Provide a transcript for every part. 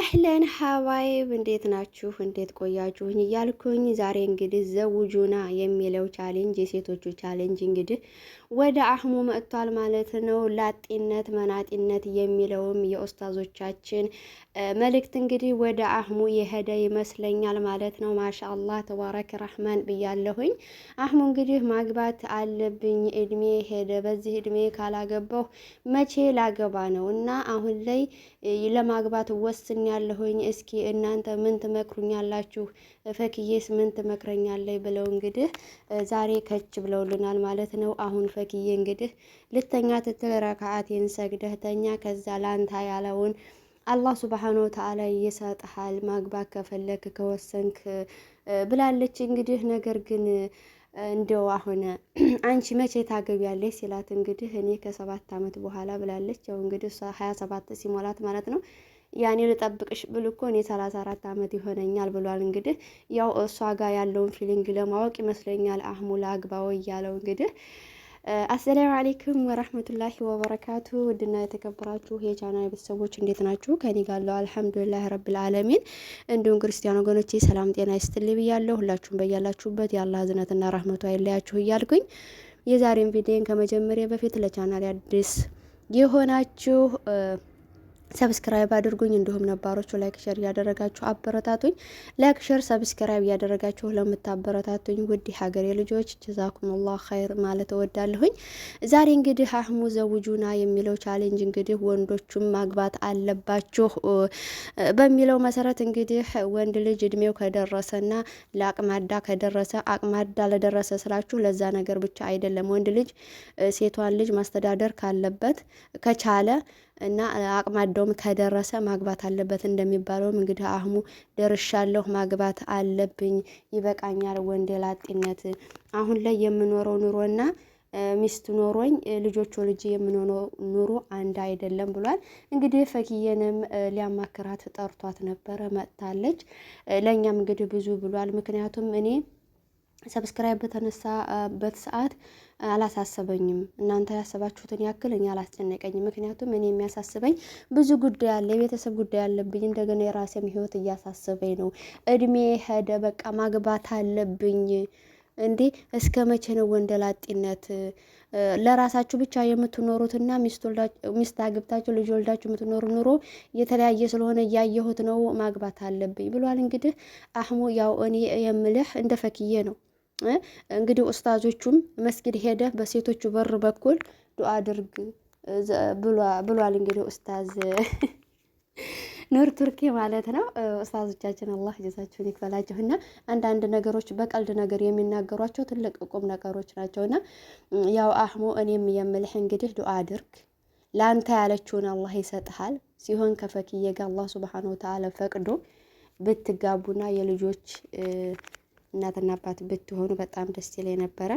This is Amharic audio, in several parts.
አህለን ሀባይብ እንዴት ናችሁ? እንዴት ቆያችሁኝ? እያልኩኝ ዛሬ እንግዲህ ዘውጁና የሚለው ቻሌንጅ የሴቶቹ ቻሌንጅ እንግዲህ ወደ አህሙ መጥቷል ማለት ነው። ላጤነት መናጢነት የሚለውም የኡስታዞቻችን መልእክት እንግዲህ ወደ አህሙ የሄደ ይመስለኛል ማለት ነው። ማሻአላህ ተባረክ ረህማን ብያለሁኝ። አህሙ እንግዲህ ማግባት አለብኝ እድሜ ሄደ፣ በዚህ እድሜ ካላገባሁ መቼ ላገባ ነው እና አሁን ላይ ለማግባት ወስን አለሁኝ። እስኪ እናንተ ምን ትመክሩኛላችሁ? ፈክዬስ ምን ትመክረኛለይ? ብለው እንግዲህ ዛሬ ከች ብለውልናል ማለት ነው። አሁን ፈክዬ እንግዲህ ልተኛ ትትል ረካአቴን ሰግደህ ተኛ፣ ከዛ ላንታ ያለውን አላህ ስብሓን ወተዓላ ይሰጥሃል ማግባት ከፈለክ ከወሰንክ ብላለች። እንግዲህ ነገር ግን እንደው አሁን አንቺ መቼ ታገቢያለሽ ሲላት እንግዲህ እኔ ከሰባት ዓመት በኋላ ብላለች። ያው እንግዲህ እሷ ሀያ ሰባት ሲሞላት ማለት ነው። ያኔ ልጠብቅሽ ብል እኮ እኔ ሰላሳ አራት ዓመት ይሆነኛል ብሏል። እንግዲህ ያው እሷ ጋር ያለውን ፊሊንግ ለማወቅ ይመስለኛል አህሙ ለአግባው እያለው እንግዲህ አሰላሙ አሌይኩም ወረህመቱላሂ ወበረካቱ ውድና የተከበራችሁ የቻናል ቤተሰቦች እንዴት ናችሁ? ከኔ ጋለው አልሐምዱሊላህ ረብል አለሚን። እንዲሁም ክርስቲያን ወገኖቼ ሰላም ጤና ይስጥልኝ ብያለሁ። ሁላችሁም በያላችሁበት የአላህ ዝነትና ረህመቱ አይለያችሁ እያልኩኝ የዛሬን ቪዲዮን ከመጀመሪያ በፊት ለቻናል አዲስ የሆናችሁ ሰብስክራይብ አድርጉኝ። እንዲሁም ነባሮቹ ላይክ ሸር እያደረጋችሁ አበረታቱኝ። ላይክ ሸር፣ ሰብስክራይብ እያደረጋችሁ ለምታበረታቱኝ ውድ ሀገሬ ልጆች ጀዛኩሙላህ ኸይር ማለት እወዳለሁኝ። ዛሬ እንግዲህ አህሙ ዘውጁና የሚለው ቻሌንጅ እንግዲህ ወንዶቹም ማግባት አለባችሁ በሚለው መሰረት እንግዲህ ወንድ ልጅ እድሜው ከደረሰና ለአቅማዳ ከደረሰ አቅማዳ ለደረሰ ስላችሁ ለዛ ነገር ብቻ አይደለም። ወንድ ልጅ ሴቷን ልጅ ማስተዳደር ካለበት ከቻለ እና አቅማደውም ከደረሰ ማግባት አለበት እንደሚባለውም እንግዲህ አህሙ ደርሻለሁ፣ ማግባት አለብኝ፣ ይበቃኛል ወንድ ላጤነት። አሁን ላይ የምኖረው ኑሮና ሚስት ኖሮኝ ልጆች ልጅ የምንሆነው ኑሮ አንድ አይደለም ብሏል። እንግዲህ ፈኪየንም ሊያማክራት ጠርቷት ነበረ፣ መጥታለች። ለእኛም እንግዲህ ብዙ ብሏል። ምክንያቱም እኔ ሰብስክራይብ በተነሳበት ሰዓት አላሳሰበኝም። እናንተ ያሰባችሁትን ያክል እኔ አላስጨነቀኝም። ምክንያቱም እኔ የሚያሳስበኝ ብዙ ጉዳይ አለ፣ የቤተሰብ ጉዳይ አለብኝ። እንደገና የራሴም ህይወት እያሳሰበኝ ነው። እድሜ ሄደ፣ በቃ ማግባት አለብኝ። እንዴ እስከ መቼ ነው ወንደ ለራሳችሁ ብቻ የምትኖሩትና ሚስት አግብታችሁ ልጅ ወልዳችሁ የምትኖሩ ኑሮ የተለያየ ስለሆነ እያየሁት ነው፣ ማግባት አለብኝ ብሏል። እንግዲህ አህሙ ያው እኔ የምልህ እንደ ፈክዬ ነው እንግዲህ ኡስታዞቹም መስጊድ ሄደ በሴቶቹ በር በኩል ዱአ አድርግ ብሏል። እንግዲህ ኡስታዝ ኑር ቱርኪ ማለት ነው። ኡስታዞቻችን አላህ ጀዛችሁን ይክፈላችሁና አንዳንድ ነገሮች በቀልድ ነገር የሚናገሯቸው ትልቅ ቁም ነገሮች ናቸውና ያው አህሙ እኔም የምልህ እንግዲህ ዱአ አድርግ ለአንተ ያለችውን አላህ ይሰጥሃል። ሲሆን ከፈክዬ ጋር አላህ ሱብሓነሁ ወተዓላ ፈቅዶ ብትጋቡና የልጆች እናትና አባት ብትሆኑ በጣም ደስ ይለኝ ነበረ።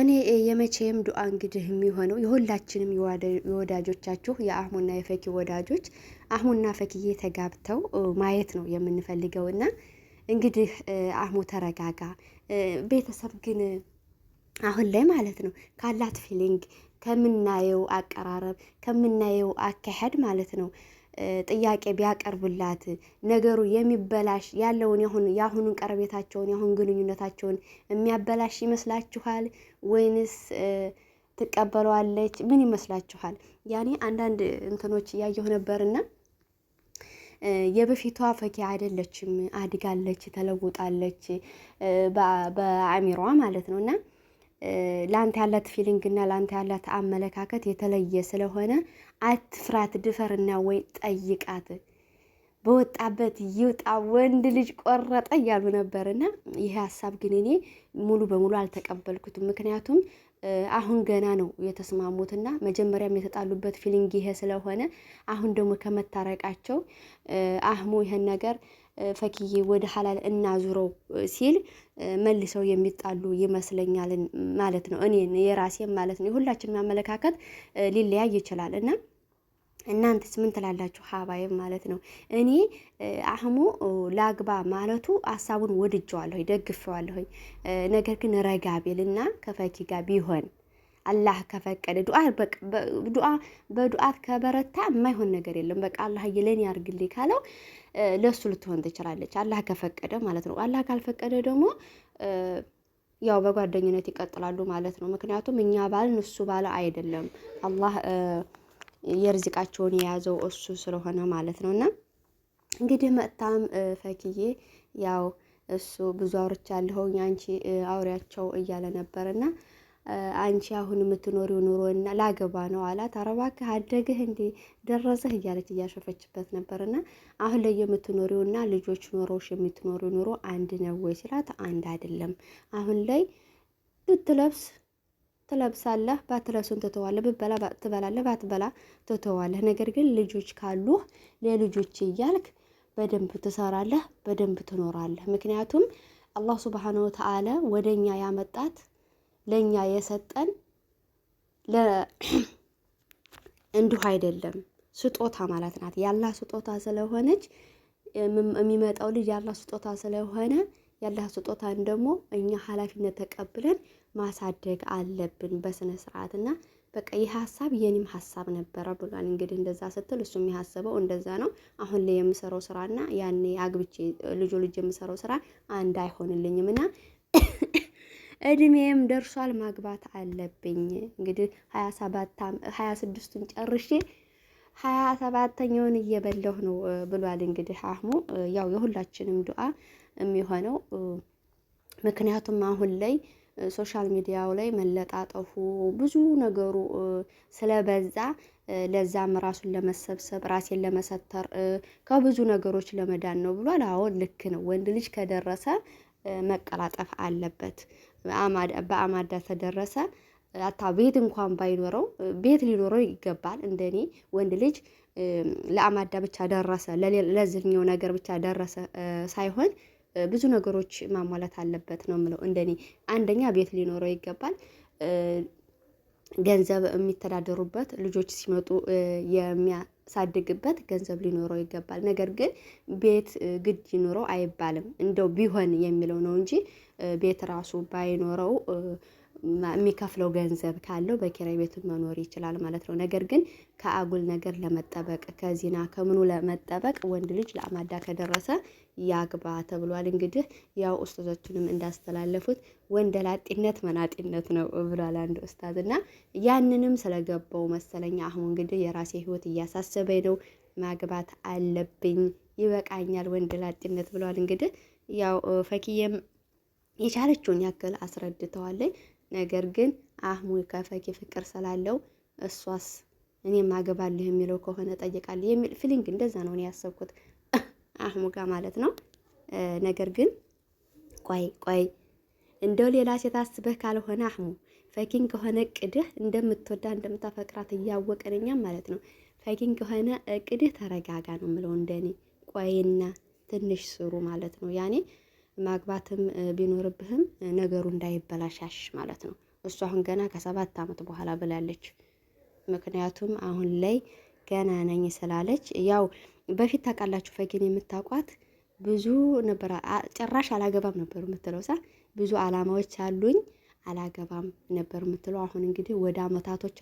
እኔ የመቼም ዱዓ እንግዲህ የሚሆነው የሁላችንም የወዳጆቻችሁ የአህሙና የፈኪ ወዳጆች አህሙና ፈኪዬ ተጋብተው ማየት ነው የምንፈልገው እና እንግዲህ አህሙ ተረጋጋ። ቤተሰብ ግን አሁን ላይ ማለት ነው ካላት ፊሊንግ ከምናየው አቀራረብ ከምናየው አካሄድ ማለት ነው ጥያቄ ቢያቀርብላት ነገሩ የሚበላሽ ያለውን ያሁን የአሁኑን ቀረቤታቸውን የአሁን ግንኙነታቸውን የሚያበላሽ ይመስላችኋል ወይንስ ትቀበለዋለች? ምን ይመስላችኋል? ያኔ አንዳንድ እንትኖች እያየሁ ነበርና የበፊቷ ፈኪ አይደለችም፣ አድጋለች፣ ተለውጣለች በአእምሯ ማለት ነው እና ለአንተ ያላት ፊሊንግ እና ለአንተ ያላት አመለካከት የተለየ ስለሆነ አትፍራት፣ ድፈርና ወይ ጠይቃት። በወጣበት ይውጣ ወንድ ልጅ ቆረጠ እያሉ ነበር እና ይህ ሀሳብ ግን እኔ ሙሉ በሙሉ አልተቀበልኩትም። ምክንያቱም አሁን ገና ነው የተስማሙትና መጀመሪያም የተጣሉበት ፊሊንግ ይሄ ስለሆነ አሁን ደግሞ ከመታረቃቸው አህሙ ይሄን ነገር ፈኪዬ ወደ ሀላል እናዙረው ሲል መልሰው የሚጣሉ ይመስለኛል ማለት ነው። እኔ የራሴ ማለት ነው። የሁላችንም አመለካከት ሊለያይ ይችላል እና እናንተስ ምን ትላላችሁ? ሀባይም ማለት ነው። እኔ አህሙ ላግባ ማለቱ ሀሳቡን ወድጀዋለሁ፣ ደግፌዋለሁ። ነገር ግን ረጋ ቢልና ከፈኪ ጋር ቢሆን አላህ ከፈቀደ ዱዓ በዱዓ ከበረታ የማይሆን ነገር የለም። በቃ አላህ ይለን ያርግልኝ ካለው ለሱ ልትሆን ትችላለች፣ አላህ ከፈቀደ ማለት ነው። አላህ ካልፈቀደ ደግሞ ያው በጓደኝነት ይቀጥላሉ ማለት ነው። ምክንያቱም እኛ ባልን እሱ ባለ አይደለም፣ አላህ የርዝቃቸውን የያዘው እሱ ስለሆነ ማለት ነው። እና እንግዲህ መጥታም ፈክዬ ያው እሱ ብዙ አውርቻለሁ አንቺ አውሪያቸው እያለ ነበር እና አንቺ አሁን የምትኖሪው ኑሮ እና ላገባ ነው አላት። ኧረ እባክህ አደግህ እንዴ ደረሰህ እያለች እያሸፈችበት ነበር። እና አሁን ላይ የምትኖሪው እና ልጆች ኖሮሽ የምትኖሪው ኑሮ አንድ ነው ወይ ሲላት፣ አንድ አይደለም። አሁን ላይ ብትለብስ ትለብሳለህ፣ ባትለብሱን ትተዋለህ፣ ብበላ ትበላለህ፣ ባትበላ ትተዋለህ። ነገር ግን ልጆች ካሉ ለልጆች እያልክ በደንብ ትሰራለህ፣ በደንብ ትኖራለህ። ምክንያቱም አላህ ሱብሃነሁ ወተዓላ ወደኛ ያመጣት ለእኛ የሰጠን እንዲሁ አይደለም። ስጦታ ማለት ናት። ያላ ስጦታ ስለሆነች የሚመጣው ልጅ ያላህ ስጦታ ስለሆነ ያላ ስጦታን ደግሞ እኛ ኃላፊነት ተቀብለን ማሳደግ አለብን በስነ ስርዓት እና በቃ ይህ ሀሳብ የኔም ሀሳብ ነበረ ብሏል። እንግዲህ እንደዛ ስትል እሱ የሚያስበው እንደዛ ነው። አሁን ላይ የምሰራው ስራና ያኔ አግብቼ ልጆ ልጅ የምሰራው ስራ አንድ አይሆንልኝም እና እድሜም ደርሷል ማግባት አለብኝ። እንግዲህ ሀያ ስድስቱን ጨርሼ ሀያ ሰባተኛውን እየበላሁ ነው ብሏል። እንግዲህ አህሙ ያው የሁላችንም ዱዓ የሚሆነው ምክንያቱም አሁን ላይ ሶሻል ሚዲያው ላይ መለጣጠፉ ብዙ ነገሩ ስለበዛ ለዛም ራሱን ለመሰብሰብ ራሴን ለመሰተር ከብዙ ነገሮች ለመዳን ነው ብሏል። አሁን ልክ ነው። ወንድ ልጅ ከደረሰ መቀላጠፍ አለበት። በአማዳ ተደረሰ አታ ቤት እንኳን ባይኖረው ቤት ሊኖረው ይገባል። እንደኔ ወንድ ልጅ ለአማዳ ብቻ ደረሰ ለዝኛው ነገር ብቻ ደረሰ ሳይሆን ብዙ ነገሮች ማሟላት አለበት ነው የምለው። እንደኔ አንደኛ ቤት ሊኖረው ይገባል። ገንዘብ የሚተዳደሩበት ልጆች ሲመጡ የሚያሳድግበት ገንዘብ ሊኖረው ይገባል። ነገር ግን ቤት ግድ ይኑረው አይባልም። እንደው ቢሆን የሚለው ነው እንጂ ቤት ራሱ ባይኖረው የሚከፍለው ገንዘብ ካለው በኪራይ ቤት መኖር ይችላል ማለት ነው። ነገር ግን ከአጉል ነገር ለመጠበቅ ከዚና ከምኑ ለመጠበቅ ወንድ ልጅ ለአማዳ ከደረሰ ያግባ ተብሏል። እንግዲህ ያው ኡስታዞቹንም እንዳስተላለፉት ወንደ ወንደላጤነት መናጤነት ነው ብሏል አንድ ኡስታዝ እና ያንንም ስለገባው መሰለኛ አሁን እንግዲህ የራሴ ህይወት እያሳሰበኝ ነው ማግባት አለብኝ ይበቃኛል ወንደ ወንደላጤነት ብሏል። እንግዲህ ያው ፈኪየም የቻለችውን ያክል አስረድተዋለኝ። ነገር ግን አህሙ ከፈኪ ፍቅር ስላለው እሷስ እኔም አገባለሁ የሚለው ከሆነ ጠይቃለሁ የሚል ፊሊንግ እንደዛ ነው ያሰብኩት። አህሙ ጋር ማለት ነው። ነገር ግን ቆይ ቆይ እንደው ሌላ ሴት አስበህ ካልሆነ አህሙ ፈኪን ከሆነ እቅድህ እንደምትወዳ እንደምታፈቅራት እያወቅን እኛም ማለት ነው። ፈኪን ከሆነ እቅድህ ተረጋጋ ነው የምለው። እንደኔ ቆይና ትንሽ ስሩ ማለት ነው። ያኔ ማግባትም ቢኖርብህም ነገሩ እንዳይበላሻሽ ማለት ነው። እሱ አሁን ገና ከሰባት ዓመት በኋላ ብላለች። ምክንያቱም አሁን ላይ ገና ነኝ ስላለች ያው በፊት ታውቃላችሁ ፈጌን የምታውቋት ብዙ ነበር፣ ጭራሽ አላገባም ነበር የምትለው ሳ ብዙ አላማዎች አሉኝ አላገባም ነበር የምትለው። አሁን እንግዲህ ወደ አመታቶች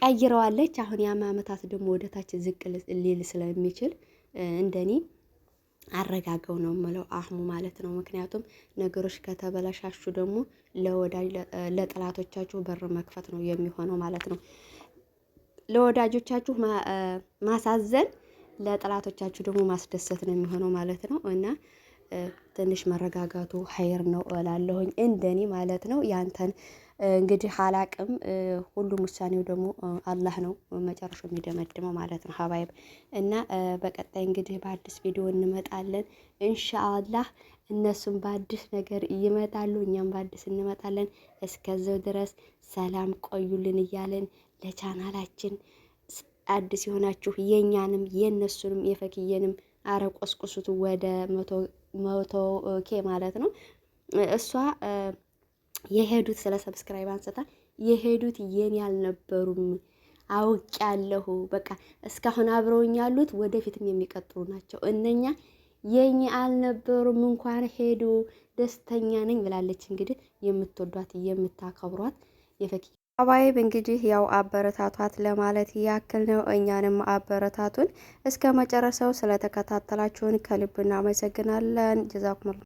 ቀይረዋለች። አሁን ያም አመታት ደግሞ ወደ ታች ዝቅ ሊል ስለሚችል እንደኔ አረጋገው ነው የምለው አህሙ ማለት ነው። ምክንያቱም ነገሮች ከተበላሻሹ ደግሞ ለወዳጅ ለጠላቶቻችሁ በር መክፈት ነው የሚሆነው ማለት ነው። ለወዳጆቻችሁ ማሳዘን ለጠላቶቻችሁ ደግሞ ማስደሰት ነው የሚሆነው ማለት ነው እና ትንሽ መረጋጋቱ ሀይር ነው እላለሁኝ፣ እንደኔ ማለት ነው። ያንተን እንግዲህ አላቅም። ሁሉም ውሳኔው ደግሞ አላህ ነው መጨረሻ የሚደመድመው ማለት ነው ሀባይብ እና በቀጣይ እንግዲህ በአዲስ ቪዲዮ እንመጣለን እንሻአላህ። እነሱም በአዲስ ነገር ይመጣሉ፣ እኛም በአዲስ እንመጣለን። እስከዚያው ድረስ ሰላም ቆዩልን እያለን ለቻናላችን አዲስ የሆናችሁ የእኛንም የእነሱንም የፈክየንም አረ ቆስቁሱት ወደ መቶ ኬ ማለት ነው። እሷ የሄዱት ስለ ሰብስክራይብ አንስታ የሄዱት የኔ አልነበሩም አውቅ ያለሁ በቃ እስካሁን አብረውኝ ያሉት ወደፊትም የሚቀጥሉ ናቸው። እነኛ የኝ አልነበሩም እንኳን ሄዱ ደስተኛ ነኝ ብላለች። እንግዲህ የምትወዷት የምታከብሯት የፈኪ አባይብ እንግዲህ ያው አበረታቷት ለማለት ያክል ነው። እኛንም አበረታቱን። እስከ መጨረሻው ስለተከታተላችሁን ከልብ እናመሰግናለን። ጀዛኩምላ